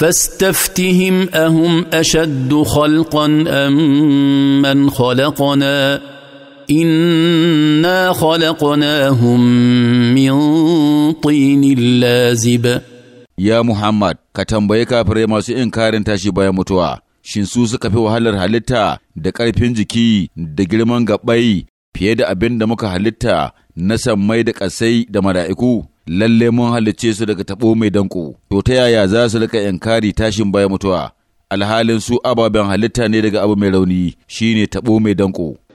فاستفتهم اهم اشد خلقا ام من خلقنا انا خلقناهم من طين لازب ya Muhammad ka tambayi kafirai masu inkarin tashi bayan mutuwa, shin su suka fi wahalar halitta da ƙarfin jiki da girman gaɓai fiye da abin da muka halitta na sammai da ƙasai da mala'iku? lalle mun halicce su daga taɓo mai danko, to ta yaya za su rika inkari tashin baya mutuwa, alhalin su ababen halitta ne daga abu mai rauni shine taɓo mai danko.